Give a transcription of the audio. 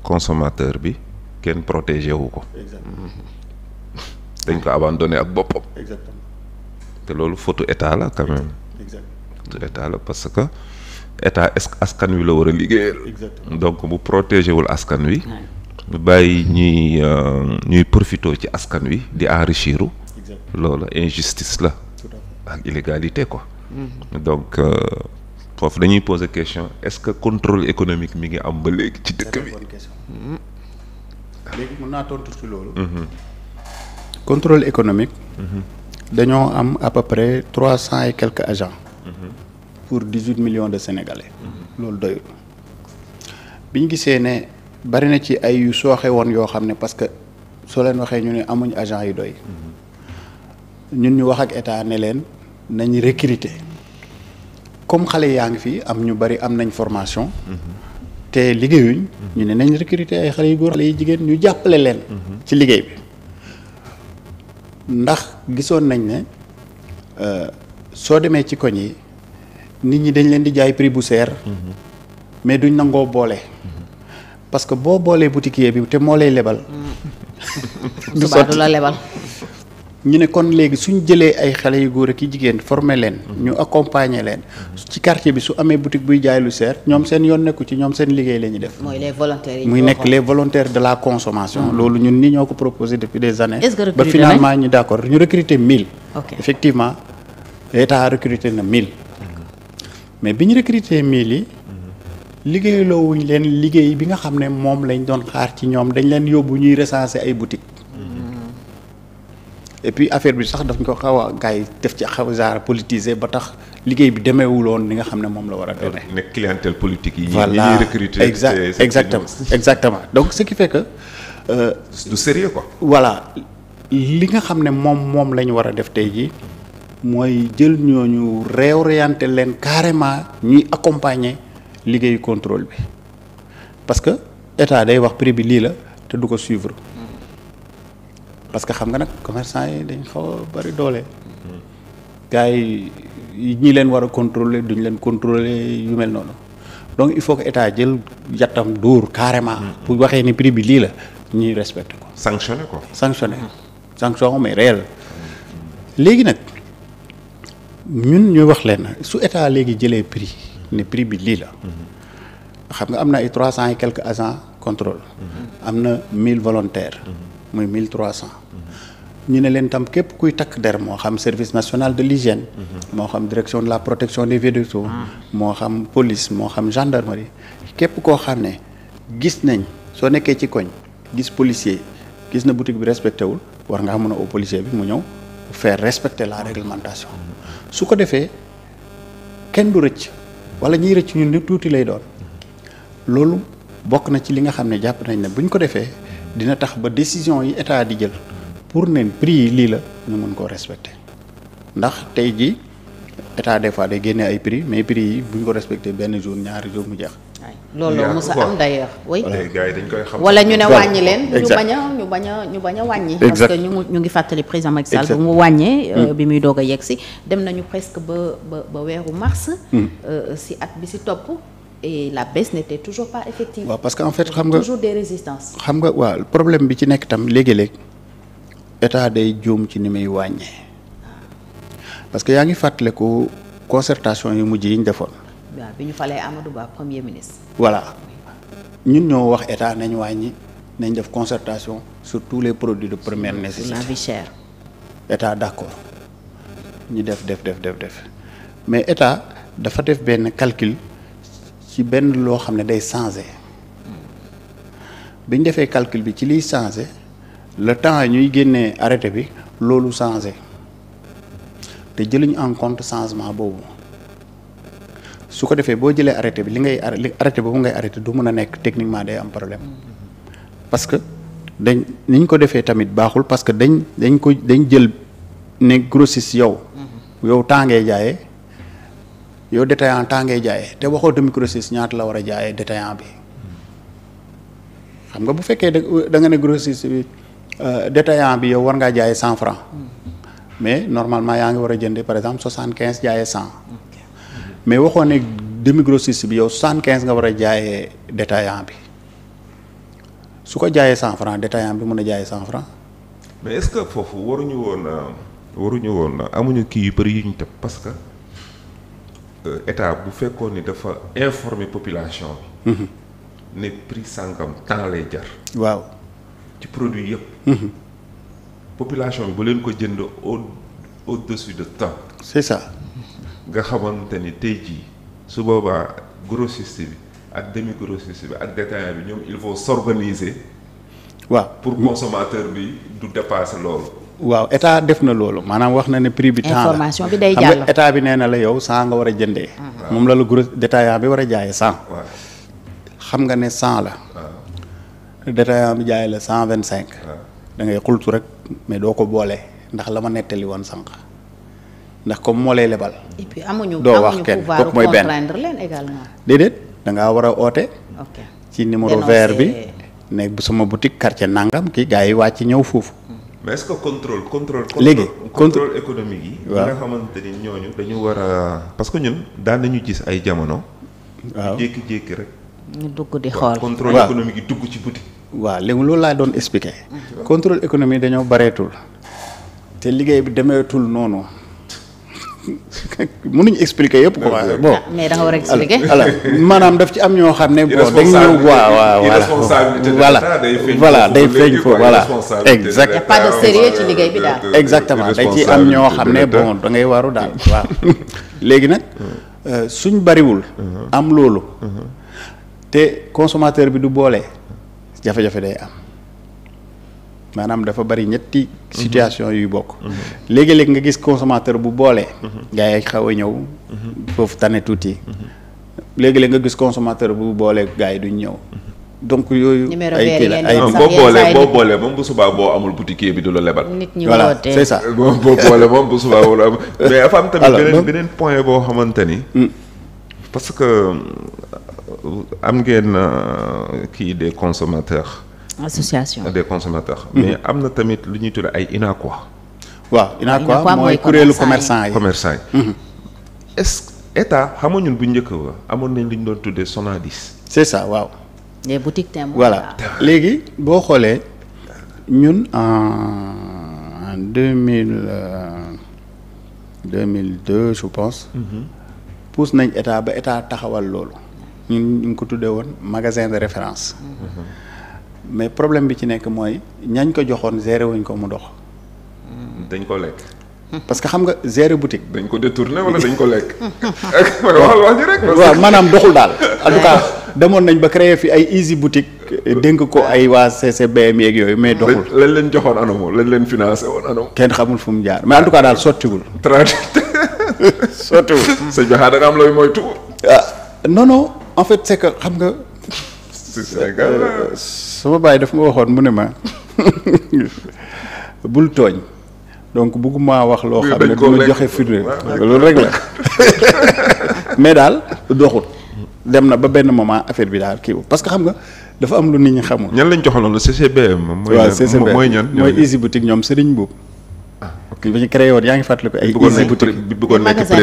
consommateur bi kenn protégé wu ko. dañ ko abandonné ak boppam. exactement te loolu faute état la quand même. exactement état la parce que état askan wi la war a liggéeyal. donc bu protégé wul askan wi. bàyyi ñuy euh, ñuy profité ci askan wi di enrichiru loolu injustice la ak illégalité quoi. Mm-hmm. donc. Euh, foofu dañuy poser question est-ce que contrôle économique mi ngi am ba léegi ci dëkk bi. léegi mën naa tontu ci loolu. Mm-hmm. contrôle économique. Mm-hmm. dañoo am à peu près trois cent et quelques agent mm-hmm. pour dix-huit millions de sénégalais. loolu doyul bi ñu gisee ne bari na ci ay yu sooxe woon yoo xam ne parce que soo leen waxee ñu ne amuñ agent yu doy. ñun ñu wax ak état ne leen nañ recruter. comme xale yaa ngi fi am ñu bari am nañ formation. te liggéeyuñ. ñu ne nañ recruter ay xale yu góor xale yu jigéen ñu jàppale leen. ci liggéey bi ndax gisoon nañ ne euh, soo demee ci koñ yi nit ñi dañ leen di jaay prix bu seer. mais duñ nangoo boole. parce que boo boolee boutiquier bi te moo lay lebal. Mm. du la lebal. ñu ne kon léegi suñ jëlee ay xale yu góor ak yi jigéen former leen. Mm-hmm. ñu accompagner leen. Mm-hmm. ci quartier bi su amee boutique buy jaay lu seer ñoom seen yoon nekku ci ñoom seen liggéey la ñuy def. mooy les volontaires muy nekk les volontaires de la consommation. Mm-hmm. loolu ñun ni ñoo ko proposé depuis des années. ba finalement ñu d' ñu recruter 1000. ok effectivement état recruter na 1000. mais bi ñu recruter 1000 yi. liggéeyloowuñ leen liggéey bi nga xam ne moom lañ doon xaar ci ñoom dañ leen yóbbu ñuy recenser ay boutiques. et puis bi sax daf ñu ko xaw a def ci xaw a genre politisé ba tax liggéey bi demeewuloon li nga xam ne moom la war a demee. nekk clientèle politique yi. voilà ñuy recruter exactement exactement donc ce qui fait que. Euh, du voilà li nga xam ne moom moom lañu war a def tey jii mooy jël ñooñu réorienter leen carrément ñuy accompagner liggéeyu contrôle bi parce que état day wax prix bi lii la te du ko suivre. parce que xam nga nag commerçant yi dañ xaw a bari doole. gars yi ñi leen war a contrôler duñ leen contrôler yu mel noonu donc il faut que état jël yattam dóor carrément. bu mm-hmm. waxee ni prix bi lii la ñuy respecté ko. sanctionné ko sanctionné mm-hmm. sanction mais réel mm-hmm. léegi nag ñun ñu wax leen su état léegi jëlee prix ne prix bi lii la. xam nga am na ay trois cent et quelques agents contrôle. am na mille volontaires. muy 1300. ñu ne leen tam képp kuy takk der moo xam service national de l'hygiène moo xam direction de la protection des végétaux moo xam police moo xam gendarmerie képp koo xam ne gis nañ soo nekkee ci koñ gis policier gis na boutique bi respecté wul war ngaa mën a au policier bi mu ñëw faire respecter la réglementation su ko defee kenn du rëcc wala ñiy rëcc ñun nit tuuti lay doon loolu bokk na ci li nga xam ne jàpp nañ ne buñ ko defee dina tax ba décision yi état di jël pour ne prix yi lii la ñu mën koo respecter ndax tey jii état des fois day génne ay prix mais prix yi bu ñu ko respecté benn jour ñaari jour mu jeex. loolu musa am d'ailleurs oui koy xam wala ñu ne wàññi leen ñu bañ ñu bañ ñu bañ a wàññi parce que ñu ngi fàttali président Macky Sall bu mu wàññee mm. euh, bi muy doog a yegg si dem nañu presque ba ba ba weeru mars mm. euh, si at bi si topp et la baisse n'était toujours pas effective. parce que en xam nga toujours des résistances. xam nga waaw problème bi ci nekk tam léegi-léeg état day juum ci ni muy wàññee parce que yaa ngi fàttaliku concertation yu mujj yi ñu defoon. waaw bi ñu falee Amadou Ba premier ministre. voilà ñun ñoo wax état nañ wàññi nañ def concertation sur tous les produits de première nécessité. la vie chère. état d'accord ñu def def def def def mais état dafa def benn calcul. ci benn loo xam ne day changé biñ defee calcul bi ci liy changé le temps ñuy génnee arrêté bi loolu changé te jëluñu en compte changement boobu su ko defee boo jëlee arrêté bi li ngay arrêté boobu ngay arrêté du mën a nekk techniquement day am problème parce que dañ ni ko defee tamit baaxul parce que dañ dañ ko dañ jël ne grossiste yow mm-hmm. yow temps ngay jaayee yow détaillant temps ngay jaayee te waxoo tamit grossiste ñaata la war a jaayee détaillant bi xam nga bu fekkee da nga ne grossiste bi euh, détaillant bi yow war ngaa jaayee cent franc mais normalement yaa ngi war a jëndee par exemple soixante quinze jaayee cent mais waxoo ne demi grossiste bi yow soixante quinze nga war a jaayee détaillant bi su ko jaayee cent franc détaillant bi mën a jaayee cent franc. mais est-ce que foofu waruñu woon waruñu woon amuñu kii yu bëri yu ñu tëb parce que. Euh, état bu fekkoon ni dafa informer population bi. Mhm. ne prix sàngam temps lay jar. waaw ci produit yëpp. Mhm. population bi bu leen ko jënd au au-dessus de temps. c'est ça. nga xamante ni tey jii su boobaa grossiste bi ak demi grossiste bi ak détaillant bi ñoom il faut s'organiser. waaw pour consommateur bi du dépasser loolu. waaw état def na loolu maanaam wax na ne prix bi. information état bi nee na la yow 100 nga war a jëndee. Mm. moom la la gros bi war a jaayee 100. xam nga ne 100 la. détaillant bi jaaye la 125. da ngay xultu rek mais doo ko boole ndax la ma nettali woon sànq ndax comme moo lay lebal. et puis amuñu doo wax kenn kooku mooy benn comprendre leen également. da ngaa war a oote. ci numéro vert bi. ne sama boutique quartier nangam kii gars yi wàcc ñëw foofu. Mm. mais est-ce que contrôle contrôle. léegi contrôle économique yi. waaw nga xamante ni ñooñu dañu war a. parce que ñun daan nañu gis ay jamono. waaw jékki-jékki rek. ñu dugg di xool contrôle économique yi dugg ci boutique. waaw léegi loolu laa doon expliquer. Mm-hmm. contrôle économique dañoo bareetul. te liggéey bi demeetul noonu. mënuñu expliquer yëpp quoi. bon ah, mais da nga war a maanaam daf ci am ñoo xam ne. bon dañ ñëw waaw voilà day feeñ foofu daal. exactement ñoo xam ne bon da daal waaw. léegi nag mm-hmm. euh, suñ bariwul. Mm-hmm. am loolu. Mm-hmm. te consommateur bi du boole jafe-jafe day am. maanaam dafa bari ñetti mhm. situation yuy bokk mhm. léegi-léeg nga gis consommateur bu boolee mhm. gars yi xaw a ñëw foofu tane tuuti léegi-léeg nga gis consommateur bu boolee gaa yi duñ ñëw donc yooyu ay ah, kii la boo boolee boo boolee moom bu subaa boo amul boutiquier bi du la lebal nit ñi voilà c'est ça boo boolee moom bu subaa wala amul mais beneen beneen boo xamante ni hmm. parce que euh, am ngeen euh, kii des consommateurs association des consommateurs. Mhm. mais am na tamit lu ñuy tuddee ay INACOI. waaw INACOI mooy kuréelu commerçant yi commerçant yi. Mhm. est-ce état bu njëkk ba amoon nañ lu ñu doon tuddee Sonadis. c'est ça waaw. les boutiques témoins voilà ah. léegi boo xoolee ñun en deux mille euh, deux mille deux je pense. Mhm. pousse nañ état ba état taxawal loolu. ñun ñu ngi ko tuddee woon magasin de référence. mais problème bi ci nekk mooy ñañ ko joxoon gérer wuñ ko mu dox. dañ ko lekk. parce que xam nga gérer boutique. dañ ko détourné wala dañ ko lekk. waxal wax maanaam doxul daal en tout cas demoon nañ ba créer fi ay easy boutique. dénk ko ay waa CCBM yeeg yooyu mais. doxul lañ leen joxoon anam lañ leen financé woon anam. kenn xamul fu mu jaar mais en daal sottiwul. traité sottiwul. sëñ bi xaaral am looy moytu. ah non non en fait c'est xam nga. sama baay dafa ma waxoon mu ne ma bul tooñ donc bëgguma wax loo xam ne du ma joxe firnde loolu rek la mais daal doxut dem na ba benn moment affaire bi daal parce que xam nga dafa am lu nit ñi xamul. ñan lañ joxaloon la CCBM. waaw CCBM mooy ñan mooy Easy Boutique ñoom Serigne Mboup. ah ok bi ñu créé woon yaa ngi fàttaliku ay. Easy Boutique bi bëggoon nekk